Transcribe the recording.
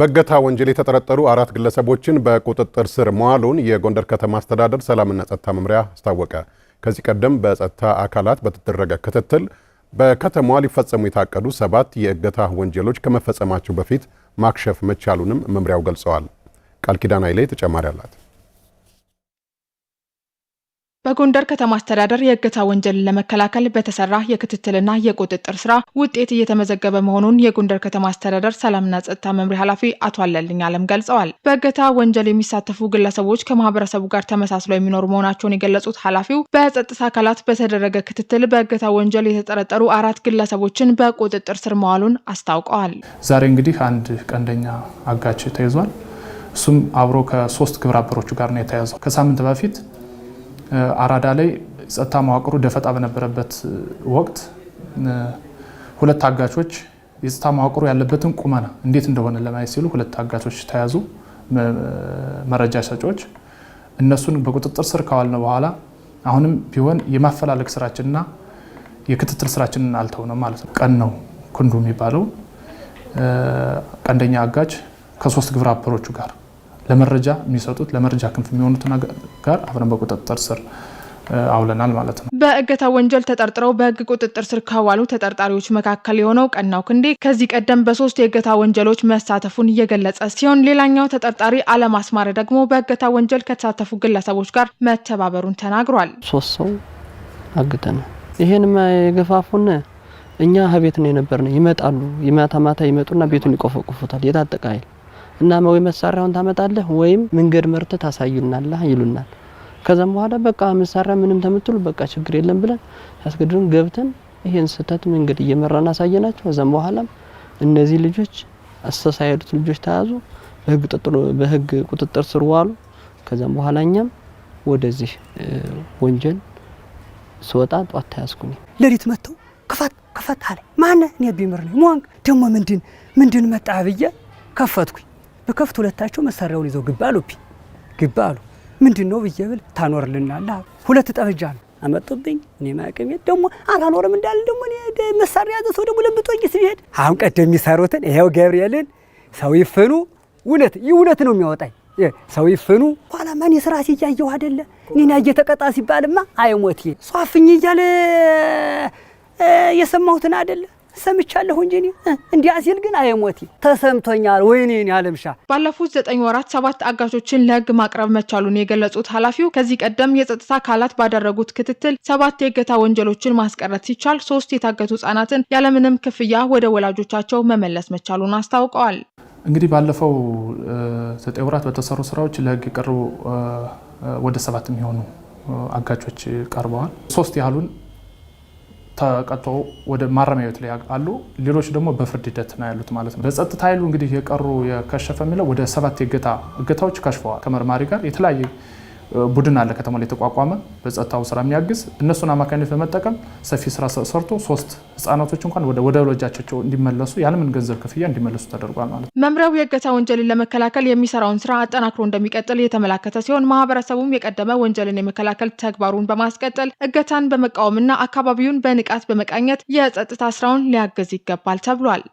በእገታ ወንጀል የተጠረጠሩ አራት ግለሰቦችን በቁጥጥር ስር መዋሉን የጎንደር ከተማ አስተዳደር ሰላምና ጸጥታ መምሪያ አስታወቀ። ከዚህ ቀደም በጸጥታ አካላት በተደረገ ክትትል በከተማዋ ሊፈጸሙ የታቀዱ ሰባት የእገታ ወንጀሎች ከመፈጸማቸው በፊት ማክሸፍ መቻሉንም መምሪያው ገልጸዋል። ቃል ኪዳን ኃይሌ ተጨማሪ አላት። በጎንደር ከተማ አስተዳደር የእገታ ወንጀልን ለመከላከል በተሰራ የክትትልና የቁጥጥር ስራ ውጤት እየተመዘገበ መሆኑን የጎንደር ከተማ አስተዳደር ሰላምና ጸጥታ መምሪያ ኃላፊ አቶ አለልኝ አለም ገልጸዋል። በእገታ ወንጀል የሚሳተፉ ግለሰቦች ከማህበረሰቡ ጋር ተመሳስለው የሚኖሩ መሆናቸውን የገለጹት ኃላፊው በጸጥታ አካላት በተደረገ ክትትል በእገታ ወንጀል የተጠረጠሩ አራት ግለሰቦችን በቁጥጥር ስር መዋሉን አስታውቀዋል። ዛሬ እንግዲህ አንድ ቀንደኛ አጋች ተይዟል። እሱም አብሮ ከሶስት ግብረ አበሮቹ ጋር ነው የተያዘው ከሳምንት በፊት አራዳ ላይ ጸጥታ መዋቅሩ ደፈጣ በነበረበት ወቅት ሁለት አጋቾች የጸጥታ መዋቅሩ ያለበትን ቁመና እንዴት እንደሆነ ለማየት ሲሉ ሁለት አጋቾች ተያዙ። መረጃ ሰጪዎች እነሱን በቁጥጥር ስር ካዋልነው በኋላ አሁንም ቢሆን የማፈላለግ ስራችንና የክትትል ስራችንን ነው ማለት ነው። ቀን ነው ክንዱ የሚባለው ቀንደኛ አጋጅ ከሶስት ግብረ አበሮቹ ጋር ለመረጃ የሚሰጡት ለመረጃ ክንፍ የሚሆኑትን ጋር አብረን በቁጥጥር ስር አውለናል ማለት ነው። በእገታ ወንጀል ተጠርጥረው በህግ ቁጥጥር ስር ከዋሉ ተጠርጣሪዎች መካከል የሆነው ቀናው ክንዴ ከዚህ ቀደም በሶስት የእገታ ወንጀሎች መሳተፉን እየገለጸ ሲሆን ሌላኛው ተጠርጣሪ አለማስማረ ደግሞ በእገታ ወንጀል ከተሳተፉ ግለሰቦች ጋር መተባበሩን ተናግሯል። ሶስት ሰው አግተናል። ይሄን የገፋፉን እኛ ህቤት ነው የነበርን። ይመጣሉ፣ ማታ ማታ ይመጡና ቤቱን ይቆፈቁፉታል የታጠቀ ኃይል እና ወይ መሳሪያውን ታመጣለህ ወይም መንገድ መርተ ታሳዩናለህ ይሉናል። ከዛም በኋላ በቃ መሳሪያ ምንም ተምትሉ በቃ ችግር የለም ብለን ያስገድዱን ገብተን ይሄን ስህተት መንገድ እየመራን አሳየናቸው። ከዛም በኋላ እነዚህ ልጆች አስተሳየዱት ልጆች ተያዙ፣ በህግ ቁጥጥር ስር ዋሉ። ከዛም በኋላ እኛም ወደዚህ ወንጀል ስወጣ ጧት ተያዝኩኝ። ሌሊት መጥተው ክፈት ክፈት አለ ማነ እኔ ቢምር ነኝ ሞንክ ደግሞ ምንድን ምንድን መጣ ብዬ ከፈትኩኝ። በከፍት ሁለታቸው መሳሪያውን ይዘው ግባ አሉ ግባ አሉ። ምንድን ነው ብዬ ብል ታኖርልናል። ሁለት ጠበጃ ነው አመጡብኝ። እኔ ማቀም ደግሞ አላኖርም እንዳለ ደግሞ መሳሪያ ያዘ ሰው ደግሞ ለምጦኝ ሲሄድ አሁን ቀደም የሚሰሩትን ይኸው ገብርኤልን ሰው ይፍኑ እውነት ይህ እውነት ነው የሚያወጣኝ ሰው ይፍኑ ኋላ ማን የስራ ሲያየው አይደለ እኔን ያየ ሲባልማ አይሞት ሷፍኝ እያለ የሰማሁትን አይደለ ሰምቻለሁ እንጂ እንዲያ ሲል ግን አይሞት ተሰምቶኛል። ወይኔ አለምሻ ባለፉት ዘጠኝ ወራት ሰባት አጋቾችን ለህግ ማቅረብ መቻሉን የገለጹት ኃላፊው ከዚህ ቀደም የጸጥታ አካላት ባደረጉት ክትትል ሰባት የእገታ ወንጀሎችን ማስቀረት ሲቻል ሶስት የታገቱ ህጻናትን ያለምንም ክፍያ ወደ ወላጆቻቸው መመለስ መቻሉን አስታውቀዋል። እንግዲህ ባለፈው ዘጠኝ ወራት በተሰሩ ስራዎች ለህግ የቀረቡ ወደ ሰባት የሚሆኑ አጋቾች ቀርበዋል። ሶስት ያህሉን ተቀጥቶ ወደ ማረሚያ ቤት ላይ አሉ። ሌሎች ደግሞ በፍርድ ሂደት ነው ያሉት ማለት ነው። በጸጥታ ኃይሉ እንግዲህ የቀሩ የከሸፈ የሚለው ወደ ሰባት የእገታ እገታዎች ከሽፈዋል። ከመርማሪ ጋር የተለያየ ቡድን አለ ከተማ ላይ የተቋቋመ በጸጥታው ስራ የሚያግዝ እነሱን አማካኝነት በመጠቀም ሰፊ ስራ ሰርቶ ሶስት ህጻናቶች እንኳን ወደ ወላጆቻቸው እንዲመለሱ ያለምን ገንዘብ ክፍያ እንዲመለሱ ተደርጓል ማለት ነው። መምሪያው የእገታ ወንጀልን ለመከላከል የሚሰራውን ስራ አጠናክሮ እንደሚቀጥል የተመላከተ ሲሆን ማህበረሰቡም የቀደመ ወንጀልን የመከላከል ተግባሩን በማስቀጠል እገታን በመቃወምና አካባቢውን በንቃት በመቃኘት የጸጥታ ስራውን ሊያግዝ ይገባል ተብሏል።